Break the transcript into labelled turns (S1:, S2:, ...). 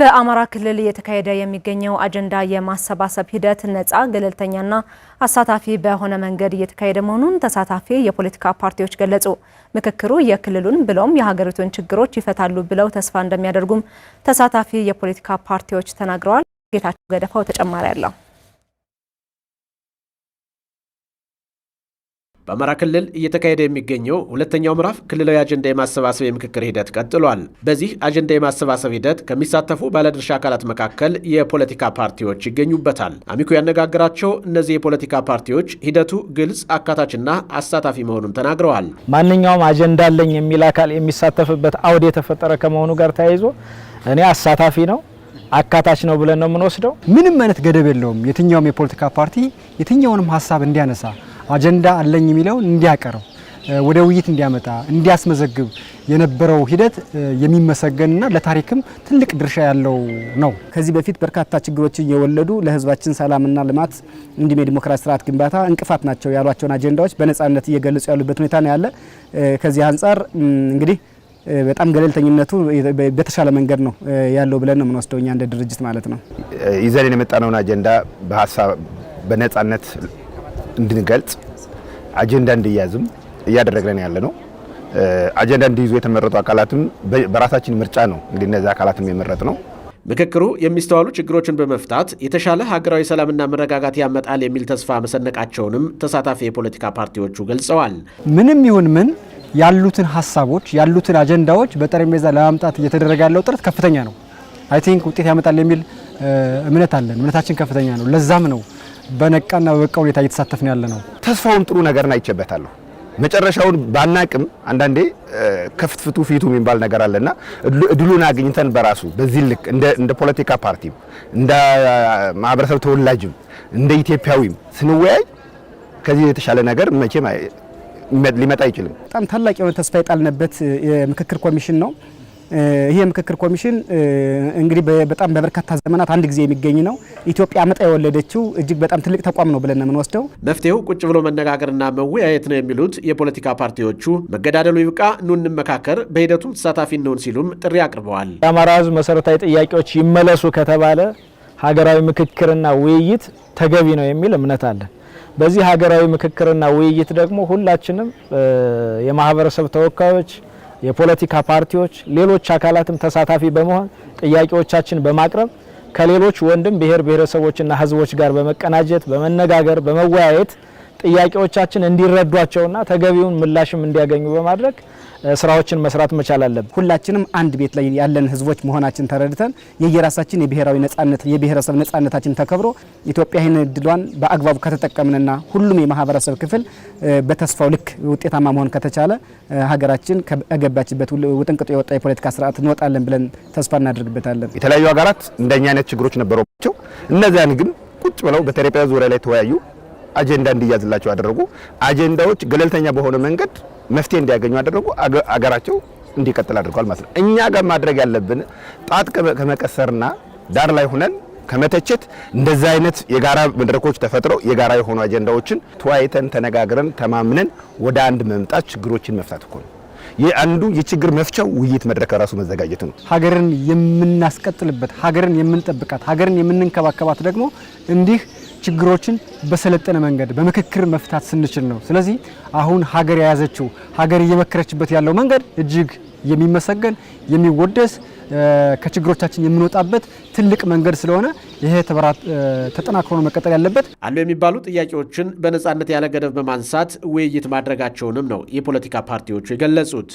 S1: በአማራ ክልል እየተካሄደ የሚገኘው አጀንዳ የማሰባሰብ ሂደት ነፃ፣ ገለልተኛና አሳታፊ በሆነ መንገድ እየተካሄደ መሆኑን ተሳታፊ የፖለቲካ ፓርቲዎች ገለጹ። ምክክሩ የክልሉን ብሎም የሀገሪቱን ችግሮች ይፈታሉ ብለው ተስፋ እንደሚያደርጉም ተሳታፊ የፖለቲካ ፓርቲዎች ተናግረዋል። ጌታቸው ገደፋው ተጨማሪ አለው።
S2: በአማራ ክልል እየተካሄደ የሚገኘው ሁለተኛው ምዕራፍ ክልላዊ አጀንዳ የማሰባሰብ የምክክር ሂደት ቀጥሏል። በዚህ አጀንዳ የማሰባሰብ ሂደት ከሚሳተፉ ባለድርሻ አካላት መካከል የፖለቲካ ፓርቲዎች ይገኙበታል። አሚኮ ያነጋገራቸው እነዚህ የፖለቲካ ፓርቲዎች ሂደቱ ግልጽ፣ አካታችና አሳታፊ መሆኑን ተናግረዋል።
S3: ማንኛውም አጀንዳ አለኝ የሚል አካል የሚሳተፍበት አውድ የተፈጠረ ከመሆኑ ጋር ተያይዞ እኔ አሳታፊ ነው አካታች ነው ብለን ነው የምንወስደው።
S4: ምንም አይነት ገደብ የለውም። የትኛውም የፖለቲካ ፓርቲ የትኛውንም ሀሳብ እንዲያነሳ አጀንዳ አለኝ የሚለውን እንዲያቀርብ ወደ ውይይት እንዲያመጣ እንዲያስመዘግብ የነበረው ሂደት የሚመሰገንና ለታሪክም ትልቅ ድርሻ ያለው ነው። ከዚህ በፊት በርካታ ችግሮችን የወለዱ ለሕዝባችን ሰላምና ልማት እንዲሁም የዲሞክራሲ ስርዓት ግንባታ እንቅፋት ናቸው ያሏቸውን አጀንዳዎች በነፃነት እየገለጹ ያሉበት ሁኔታ ነው ያለ። ከዚህ አንጻር እንግዲህ በጣም ገለልተኝነቱ በተሻለ መንገድ ነው ያለው ብለን ነው የምንወስደው እኛ እንደ ድርጅት ማለት ነው።
S5: ይዘን የመጣነውን አጀንዳ በሀሳብ በነፃነት እንድንገልጽ አጀንዳ እንዲያዝም እያደረግን ያለ ነው። አጀንዳ እንዲይዙ የተመረጡ አካላትም በራሳችን ምርጫ ነው እንግዲህ እነዚህ አካላትም የመረጥ ነው።
S2: ምክክሩ የሚስተዋሉ ችግሮችን በመፍታት የተሻለ ሀገራዊ ሰላምና መረጋጋት ያመጣል የሚል ተስፋ መሰነቃቸውንም ተሳታፊ የፖለቲካ ፓርቲዎቹ ገልጸዋል።
S4: ምንም ይሁን ምን ያሉትን ሀሳቦች ያሉትን አጀንዳዎች በጠረጴዛ ለማምጣት እየተደረገ ያለው ጥረት ከፍተኛ ነው። አይ ቲንክ ውጤት ያመጣል የሚል እምነት አለን። እምነታችን ከፍተኛ ነው። ለዛም ነው በነቃና በበቃ ሁኔታ ነው ያለ ነው።
S6: ተስፋውም ጥሩ ነገርን አይቼበታለሁ። መጨረሻውን ባናቅም አንዳንዴ ከፍትፍቱ ፊቱ የሚባል ነገር አለና እድሉን አግኝተን በራሱ በዚህ ልክ እንደ ፖለቲካ ፓርቲም እንደ ማህበረሰብ ተወላጅም እንደ ኢትዮጵያዊም ስንወያይ ከዚህ የተሻለ ነገር መቼም ሊመጣ አይችልም።
S4: በጣም ታላቅ የሆነ ተስፋ የጣልንበት የምክክር ኮሚሽን ነው። ይህ የምክክር ኮሚሽን እንግዲህ በጣም በበርካታ ዘመናት አንድ ጊዜ የሚገኝ ነው። ኢትዮጵያ አመጣ የወለደችው እጅግ በጣም ትልቅ ተቋም ነው ብለን የምንወስደው።
S2: መፍትሄው ቁጭ ብሎ መነጋገርና መወያየት ነው የሚሉት የፖለቲካ ፓርቲዎቹ መገዳደሉ ይብቃ፣ ኑ እንመካከር፣ በሂደቱም ተሳታፊ እንሆን ሲሉም ጥሪ አቅርበዋል።
S3: የአማራ ሕዝብ መሰረታዊ ጥያቄዎች ይመለሱ ከተባለ ሀገራዊ ምክክርና ውይይት ተገቢ ነው የሚል እምነት አለን። በዚህ ሀገራዊ ምክክርና ውይይት ደግሞ ሁላችንም የማህበረሰብ ተወካዮች የፖለቲካ ፓርቲዎች፣ ሌሎች አካላትም ተሳታፊ በመሆን ጥያቄዎቻችን በማቅረብ ከሌሎች ወንድም ብሔር ብሔረሰቦችና ህዝቦች ጋር በመቀናጀት በመነጋገር በመወያየት ጥያቄዎቻችን እንዲረዷቸውና ተገቢውን ምላሽም እንዲያገኙ በማድረግ ስራዎችን መስራት መቻል አለብን።
S4: ሁላችንም አንድ ቤት ላይ ያለን ህዝቦች መሆናችን ተረድተን የየራሳችን የብሔራዊ ነጻነት የብሔረሰብ ነጻነታችን ተከብሮ ኢትዮጵያ ይህን እድሏን በአግባቡ ከተጠቀምንና ሁሉም የማህበረሰብ ክፍል በተስፋው ልክ ውጤታማ መሆን ከተቻለ ሀገራችን ከገባችበት ውጥንቅጡ የወጣ የፖለቲካ ስርዓት እንወጣለን ብለን ተስፋ እናደርግበታለን።
S6: የተለያዩ ሀገራት እንደኛ አይነት ችግሮች ነበረባቸው። እነዚያን ግን ቁጭ ብለው በጠረጴዛ ዙሪያ ላይ ተወያዩ። አጀንዳ እንዲያዝላቸው አደረጉ። አጀንዳዎች ገለልተኛ በሆነ መንገድ መፍትሄ እንዲያገኙ አደረጉ። አገራቸው እንዲቀጥል አድርጓል ማለት ነው። እኛ ጋር ማድረግ ያለብን ጣት ከመቀሰርና ዳር ላይ ሁነን ከመተቸት እንደዚህ አይነት የጋራ መድረኮች ተፈጥረው የጋራ የሆኑ አጀንዳዎችን ተወያይተን ተነጋግረን ተማምነን ወደ አንድ መምጣት ችግሮችን መፍታት እኮ ነው። ይህ አንዱ የችግር መፍቻው ውይይት መድረክ ራሱ መዘጋጀት ነው።
S4: ሀገርን የምናስቀጥልበት፣ ሀገርን የምንጠብቃት፣ ሀገርን የምንንከባከባት ደግሞ እንዲህ ችግሮችን በሰለጠነ መንገድ በምክክር መፍታት ስንችል ነው። ስለዚህ አሁን ሀገር የያዘችው ሀገር እየመከረችበት ያለው መንገድ እጅግ የሚመሰገን የሚወደስ ከችግሮቻችን የምንወጣበት ትልቅ መንገድ ስለሆነ ይሄ ተጠናክሮ መቀጠል ያለበት።
S2: አሉ የሚባሉ ጥያቄዎችን በነፃነት ያለ ገደብ በማንሳት ውይይት ማድረጋቸውንም ነው የፖለቲካ ፓርቲዎቹ የገለጹት።